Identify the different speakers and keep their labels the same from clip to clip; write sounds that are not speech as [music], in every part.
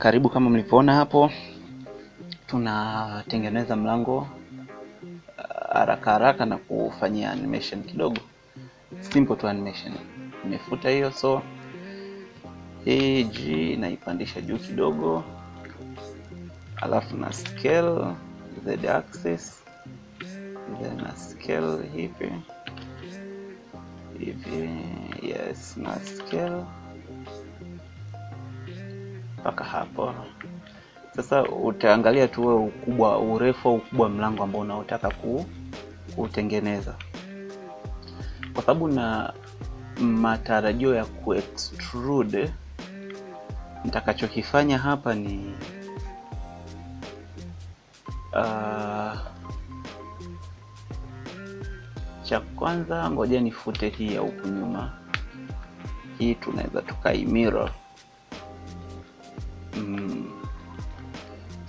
Speaker 1: Karibu kama mlivyoona hapo, tunatengeneza mlango uh, haraka haraka na kufanyia animation kidogo, simple tu animation. Nimefuta hiyo, so hii G naipandisha juu kidogo, alafu na scale z axis, then na scale hivi hivi, yes na scale mpaka hapo. Sasa utaangalia tu wewe ukubwa, urefu au ukubwa wa mlango ambao unaotaka kutengeneza kwa sababu na matarajio ya extrude nitakachokifanya hapa ni uh, cha kwanza, ngoja nifute hii ya huku nyuma, hii tunaweza tukaimiro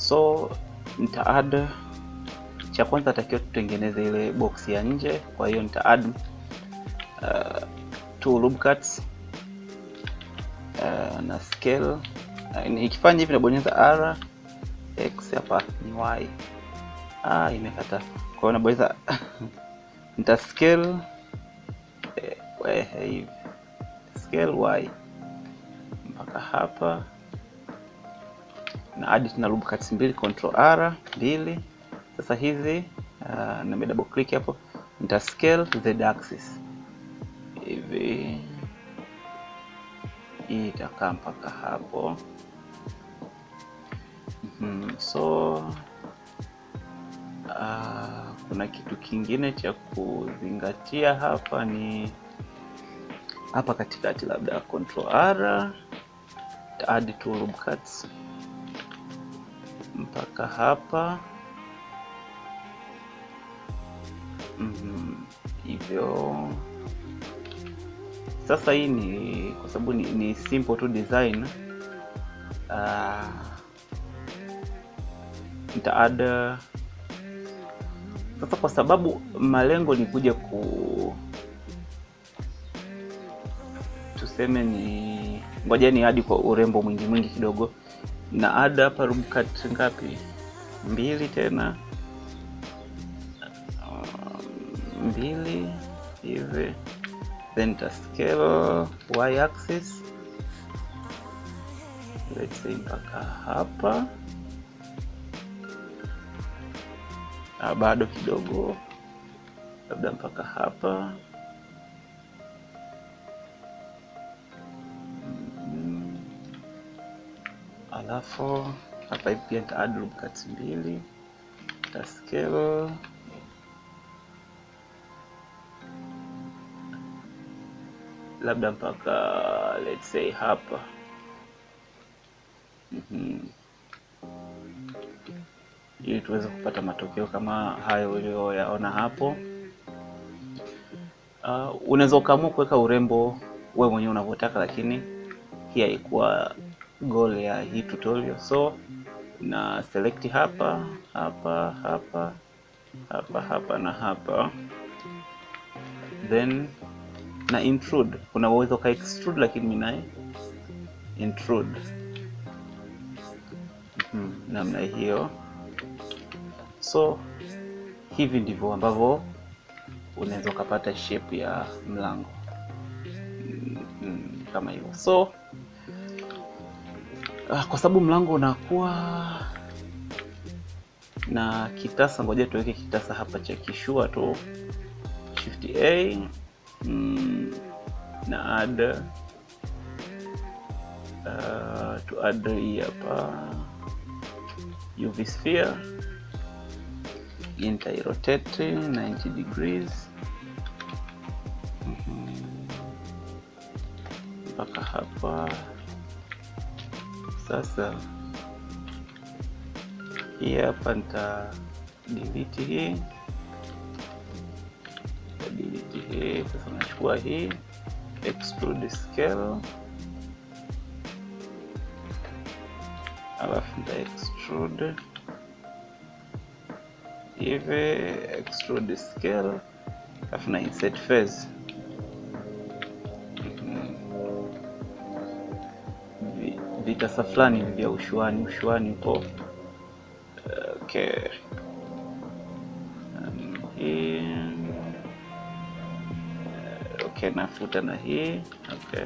Speaker 1: So nita add cha kwanza, takiwa tutengeneze ile box ya nje. Kwa hiyo nita add uh, two loop cuts uh, na scale. Uh, ikifanya hivi nabonyeza r, x hapa ni y. Ah, imekata. Kwa hiyo nabonyeza [laughs] nita scale eh, eh, scale y mpaka hapa na add tuna cuts mbili, control R mbili. Sasa hizi uh, me double click hapo, nita scale z axis hivi, hii itakaa mpaka hapo. Mm, so uh, kuna kitu kingine cha kuzingatia hapa ni hapa katikati, labda control R add two loop cuts mpaka hapa mhm. hivyo. Sasa hii ni kwa sababu ni, ni simple tu design uh, nita add sasa, kwa sababu malengo ni kuja ku tuseme ni ngoja ni hadi kwa urembo mwingi mwingi kidogo na ada hapa room cut ngapi? Mbili tena um, mbili hivi, then scale y axis let's say mpaka hapa. Ah, bado kidogo, labda mpaka hapa. alafu hapa hivi pia nita add lubcat mbili, nita scale labda mpaka let's say hapa mm -hmm. ili tuweze kupata matokeo kama hayo uliyoyaona hapo. Uh, unaweza ukaamua kuweka urembo wewe mwenyewe unavyotaka, lakini hii haikuwa goal ya hii tutorial. So na select hapa hapa hapa hapa hapa na hapa then na intrude. Kuna uwezo ka extrude, lakini mimi naye intrude hmm, namna hiyo. So hivi ndivyo ambavyo unaweza ukapata shape ya mlango hmm, hmm kama hivyo so Ah, kwa sababu mlango unakuwa na kitasa. Ngoja tuweke kitasa hapa cha kishua tu, shift a mm, na add uh, to add hii hapa UV sphere intai rotate 90 degrees mhm. mpaka mm -hmm. hapa sasa hii hapa nita delete hii, nita delete hii. Sasa nachukua hii extrude scale, alafu nita extrude hivi, extrude scale, alafu na insert phase vitasa fulani vya ushuani, ushuani upo okay. Um, hii okay, nafuta na hii okay,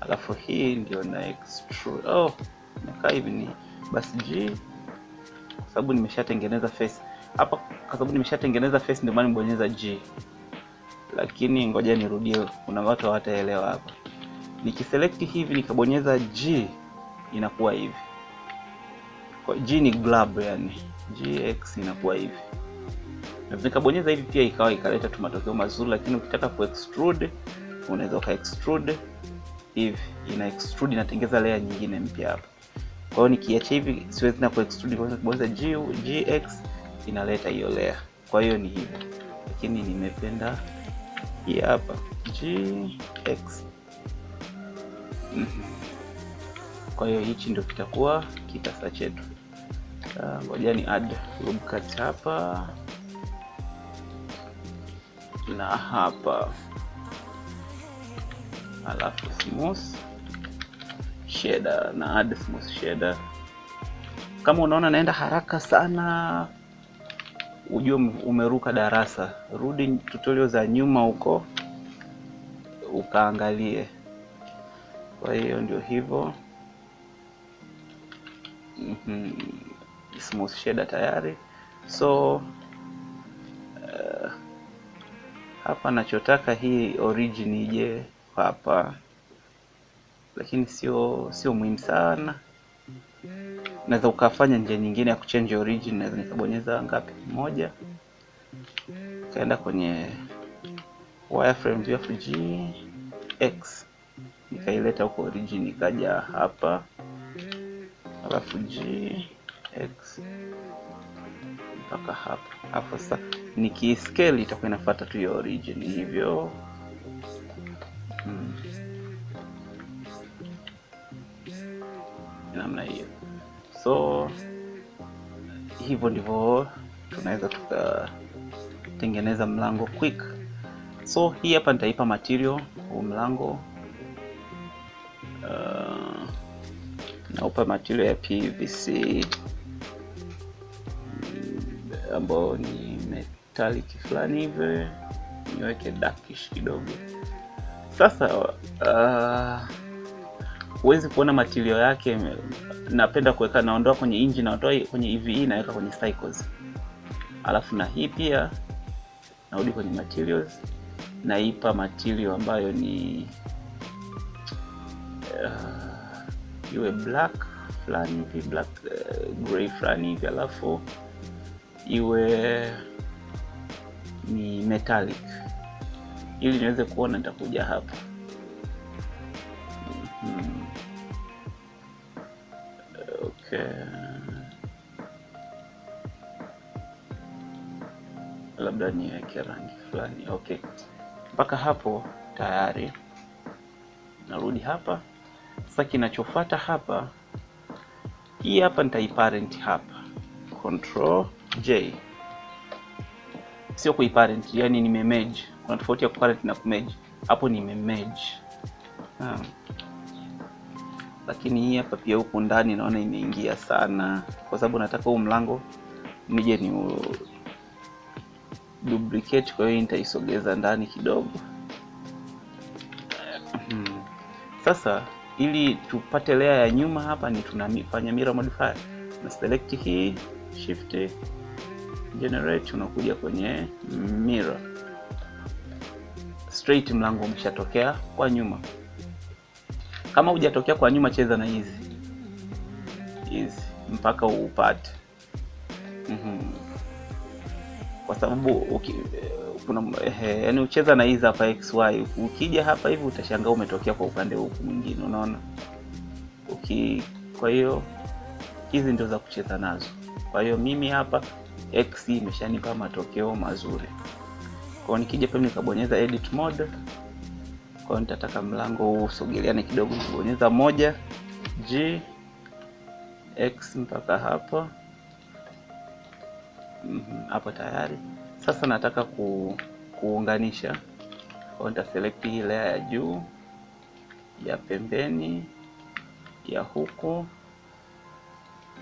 Speaker 1: alafu hii ndio na extrude oh, nakaa hivi ni basi G kwa sababu nimeshatengeneza face hapa, kwa sababu nimeshatengeneza face ndio maana nibonyeza G, lakini ngoja nirudie, kuna watu hawataelewa hapa. nikiselekti hivi nikabonyeza G inakuwa hivi kwa G ni glab, yani GX inakuwa hivi. Naweza hivi pia ikawa ikaleta tu matokeo mazuri, lakini ukitaka ku extrude unaweza uka extrude hivi, ina extrude inatengeza layer nyingine mpya hapa. Kwa hiyo nikiacha hivi siwezi na ku extrude, kwa kubonyeza G GX inaleta hiyo layer. Kwa hiyo ni hivi, lakini nimependa hii hapa GX. Mhm. Kwa hiyo hichi ndio kitakuwa kitasa chetu. Ah, ngoja ni add loop cut hapa na hapa, alafu smooth shader na add smooth shader. Kama unaona naenda haraka sana, ujue umeruka darasa. Rudi tutorial za nyuma huko ukaangalie. Kwa hiyo ndio hivyo mm smooth shader tayari. So uh, hapa nachotaka hii origin ije hapa, lakini sio sio muhimu sana. Naweza ukafanya njia nyingine ya kuchange origin, naweza nikabonyeza ngapi, moja, kaenda kwenye wireframe view FG X nikaileta huko origin ikaja hapa alafu g x mpaka hapa Hapo sasa scale itakuwa inafuata tu ya origin hivyo. Hmm. namna hiyo, so hivyo ndivyo tunaweza tukatengeneza mlango quick. So hii hapa nitaipa material huu mlango naupa material ya PVC mm, ambayo ni metallic fulani hivyo niweke darkish kidogo. Sasa uh, huwezi uh, kuona material yake. Napenda kuweka, naondoa kwenye inji, naondoa kwenye EVE, e, naweka kwenye cycles, alafu na hii pia narudi kwenye materials, naipa material ambayo ni uh, iwe black fulani hivi black uh, eh, grey fulani hivi alafu iwe ni metallic ili niweze kuona, nitakuja hapa mm -hmm. Okay, labda niweke rangi fulani. Okay, mpaka hapo tayari. Narudi hapa sasa kinachofuata hapa, hii hapa nitaiparent hapa control j, sio kuiparent, yani nime merge. Kuna tofauti ya kuparent na kumerge, hapo ni merge ah. Lakini hii hapa pia huku ndani naona imeingia sana, kwa sababu nataka huu mlango nije ni duplicate, kwa hiyo nitaisogeza ndani kidogo. Hmm. Sasa ili tupate layer ya nyuma hapa ni tunafanya mirror modifier, na select hii shift generate, unakuja kwenye mirror straight, mlango umeshatokea kwa nyuma. Kama hujatokea kwa nyuma, cheza na hizi hizi mpaka uupate, mm -hmm. kwa sababu okay kuna eh, yani ucheza na hizi hapa xy, ukija hapa hivi utashangaa umetokea kwa upande huku mwingine, unaona uki. Kwa hiyo hizi ndio za kucheza nazo. Kwa hiyo mimi hapa x imeshanipa matokeo mazuri. Kwa nikija pia nikabonyeza edit mode, kwa nitataka mlango huu usogeleane kidogo, nibonyeza moja g x mpaka hapa hapo mm -hmm, tayari sasa nataka ku, kuunganisha kwa nita select hii layer ya juu ya pembeni ya huku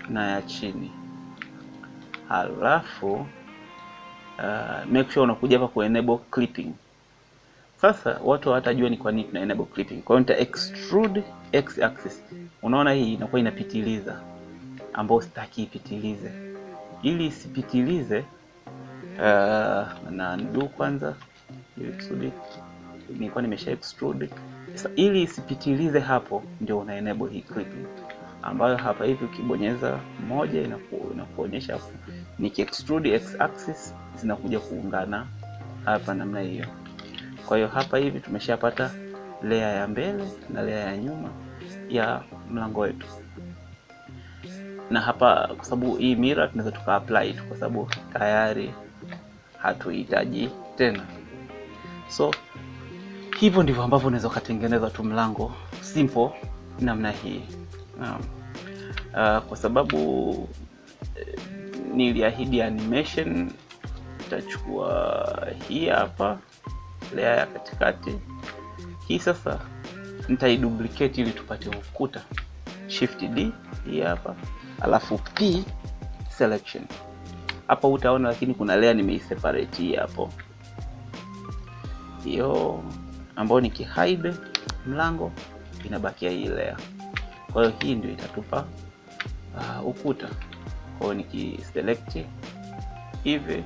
Speaker 1: na ya chini, halafu uh, make sure unakuja hapa ku enable clipping. Sasa watu hawatajua ni kwa nini tuna enable clipping. Kwa hiyo nita extrude x axis, unaona hii inakuwa inapitiliza, ambayo sitaki ipitilize. Ili isipitilize na undo kwanza, ili kusudi nilikuwa nimesha extrude. Sasa ili isipitilize hapo, ndio una enable hii clipping ambayo hapa hivi ukibonyeza moja inaku, inakuonyesha Niki extrude x axis zinakuja kuungana hapa namna hiyo. Kwa hiyo hapa hivi tumeshapata layer ya mbele na layer ya nyuma ya mlango wetu, na hapa kwa sababu hii mirror tunaweza tuka apply kwa sababu tayari hatuhitaji tena. So hivyo ndivyo ambavyo unaweza ukatengeneza tu mlango simple namna hii um, uh, kwa sababu eh, niliahidi animation nitachukua hii hapa layer ya katikati hii sasa nitaiduplicate ili tupate ukuta. Shift D hii hapa, alafu P selection hapo utaona, lakini kuna layer nimeiseparate hii hapo, hiyo ambayo ni kihaibe mlango inabakia hii layer. Kwa hiyo hii ndio itatupa uh, ukuta. Kwa hiyo nikiselect hivi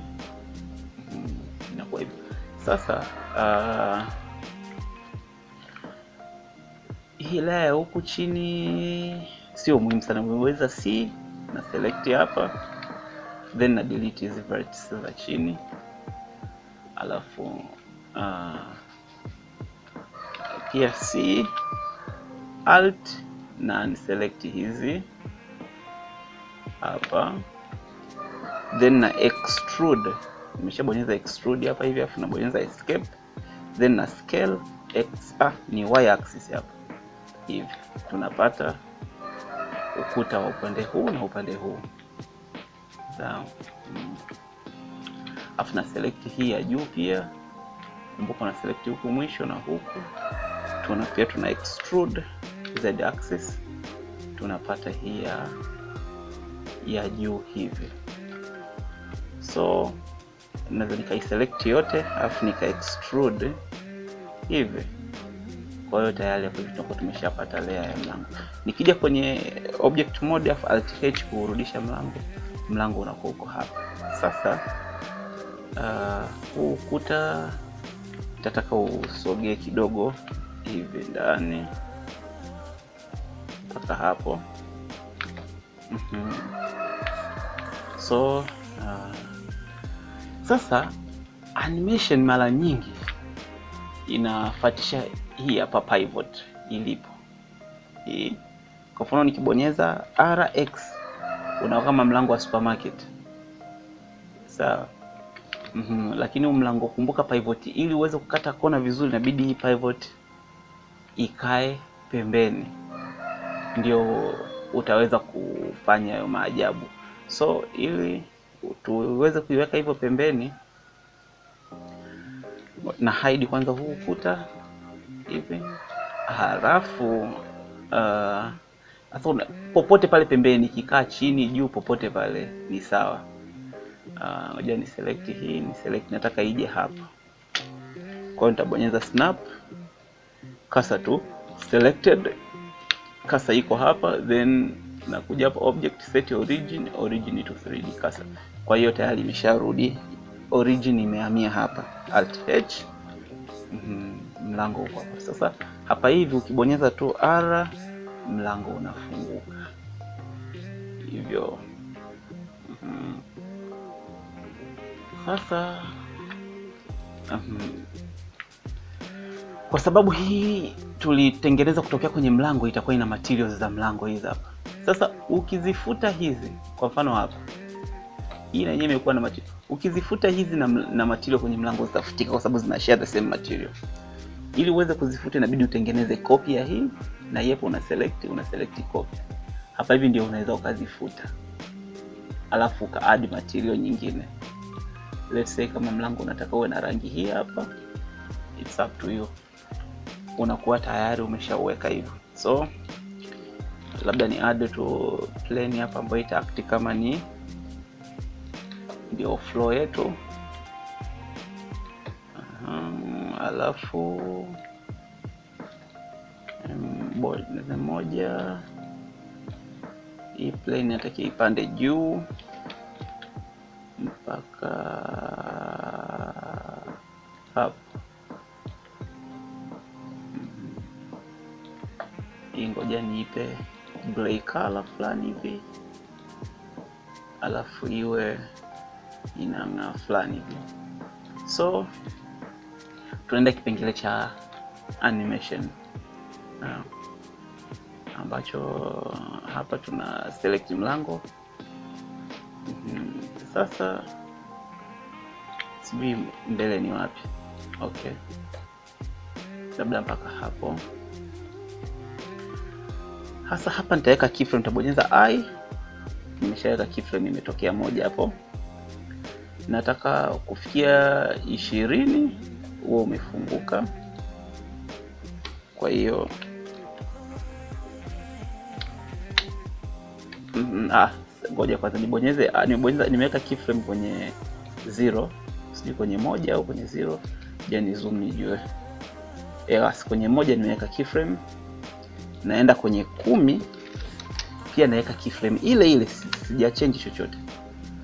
Speaker 1: mm, inakuwa hivi sasa. Uh, hii layer ya huku chini sio muhimu sana, umeweza C na select hapa then na delete hizi vertices za chini alafu uh, pia C alt na niselect hizi hapa then na extrude, nimeshabonyeza extrude hapa hivi, afu nabonyeza escape then na scale x, ah, ni y axis hapa hivi, tunapata ukuta wa upande huu na upande huu sawa. Alafu na select hii ya juu pia, kumbuka na select huku mwisho na huku, tuna pia tuna extrude z axis, tunapata hii ya ya juu hivi, so naweza nikaiselect yote alafu nika extrude hivi. Kwa hiyo tayari hapo tunakuwa tumeshapata layer ya mlango. Nikija kwenye object mode alafu alt h kuurudisha mlango mlango unakuwa uko hapa. Sasa huu uh, ah, ukuta tataka usogee kidogo hivi ndani mpaka hapo. mm -hmm. So uh, sasa animation mara nyingi inafatisha hii hapa pivot ilipo hii. Kwa mfano nikibonyeza RX unao kama mlango wa supermarket sawa. mm -hmm. Lakini huu mlango kumbuka pivot, ili uweze kukata kona vizuri inabidi hii pivot ikae pembeni, ndio utaweza kufanya hayo maajabu. So ili tuweze kuiweka hivyo pembeni, na hide kwanza huu ukuta hivi halafu uh, Athuna, mm. popote pale pembeni, kikaa chini, juu, popote pale ni sawa. Ah, ngoja uh, ni select mm. hii, ni select nataka ije hapa. Kwa hiyo nitabonyeza snap kasa tu selected kasa iko hapa, then nakuja hapa object set origin origin to 3D kasa. Kwa hiyo tayari imesharudi origin, imehamia hapa alt h mhm, mlango mm, uko hapa sasa. Hapa hivi ukibonyeza tu r mlango unafunguka hivyo. mm -hmm. Sasa mm -hmm. Kwa sababu hii tulitengeneza kutokea kwenye mlango, itakuwa ina materials za mlango hizi hapa. Sasa ukizifuta hizi, kwa mfano hapa hii na yenyewe imekuwa na material, ukizifuta hizi na, na material kwenye mlango zitafutika, kwa sababu zina share the same material. Ili uweze kuzifuta inabidi utengeneze copy ya hii na yepo, una select una select copy hapa hivi ndio unaweza ukazifuta, alafu ka add material nyingine. Let's say kama mlango unataka uwe na rangi hii hapa, it's up to you. Unakuwa tayari umeshauweka hivyo, so labda ni add to plane hapa ambayo ita act kama ni ndio flow yetu. alafu moja hii plane inatakiwa ipande juu mpaka hapo. Mhm. Hii ngoja niipe gray color fulani hivi, alafu iwe inang'aa fulani hivi so tunaenda kipengele cha animation uh, ambacho hapa tuna select mlango mm -hmm. Sasa sijui mbele ni wapi? Okay, labda mpaka hapo hasa. Hapa nitaweka keyframe, nitabonyeza i. Nimeshaweka keyframe, imetokea moja hapo. Nataka kufikia ishirini huo umefunguka. Kwa hiyo mm, ah, ngoja kwanza nibonyeze, ah, nimeweka keyframe kwenye zero, sijui kwenye moja au kwenye zero. Je, ni zoom nijue. Eh, basi kwenye moja nimeweka keyframe, naenda kwenye kumi pia naweka keyframe ile ile, sija change chochote,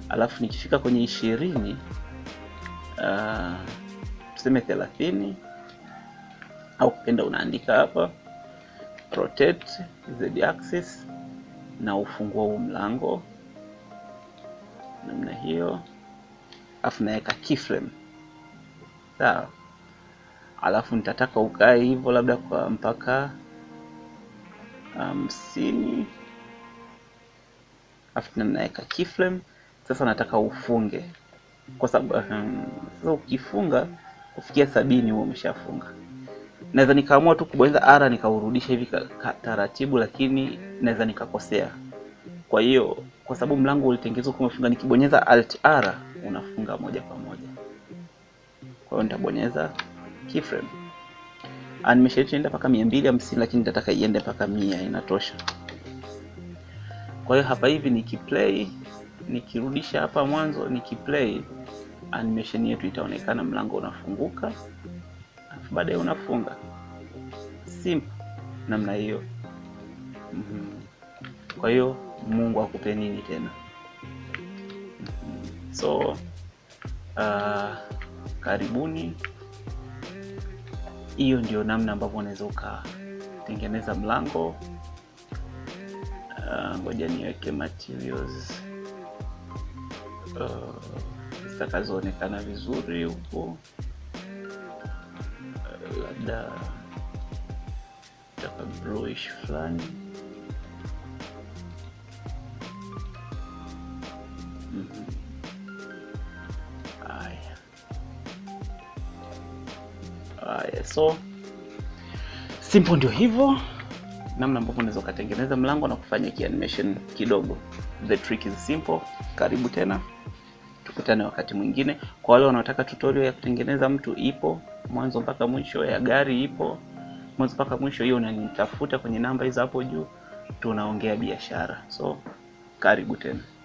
Speaker 1: alafu nikifika kwenye ishirini uh, tuseme thelathini au kupenda unaandika hapa rotate z axis na ufungua huu mlango namna hiyo, alafu naweka keyframe sawa. Alafu nitataka ukae hivyo labda kwa mpaka hamsini um, alafu tena naweka keyframe sasa. Nataka ufunge kwa sababu um, sasa ukifunga kufikia sabini huo umeshafunga. Naweza nikaamua tu kubonyeza R nikaurudisha hivi taratibu, lakini naweza nikakosea. Kwa hiyo kwa sababu mlango ulitengenezwa kwa kufunga, nikibonyeza Alt R unafunga moja kwa moja. Kwa hiyo nitabonyeza keyframe. Ah, Nimeshaiacha iende mpaka mia mbili lakini nitataka iende mpaka 100 inatosha. Kwa hiyo hapa hivi nikiplay, nikirudisha hapa mwanzo nikiplay animation yetu itaonekana, mlango unafunguka, alafu baadaye unafunga. Simple namna hiyo. mm -hmm. Kwa hiyo Mungu akupe nini tena? mm -hmm. So uh, karibuni. Hiyo ndio namna ambavyo unaweza ukatengeneza mlango. Ah, ngoja uh, niweke materials uh, zitakazoonekana vizuri huko, eh, labda taka bluish fulani haya. Mm-hmm. Haya, so simpo ndio hivyo namna ambavyo unaweza ukatengeneza mlango na kufanya kianimation kidogo. The trick is simple. Karibu tena tukutane wakati mwingine. Kwa wale wanaotaka tutorial ya kutengeneza mtu ipo mwanzo mpaka mwisho, ya gari ipo mwanzo mpaka mwisho, hiyo unanitafuta kwenye namba hizo hapo juu, tunaongea biashara. So karibu tena.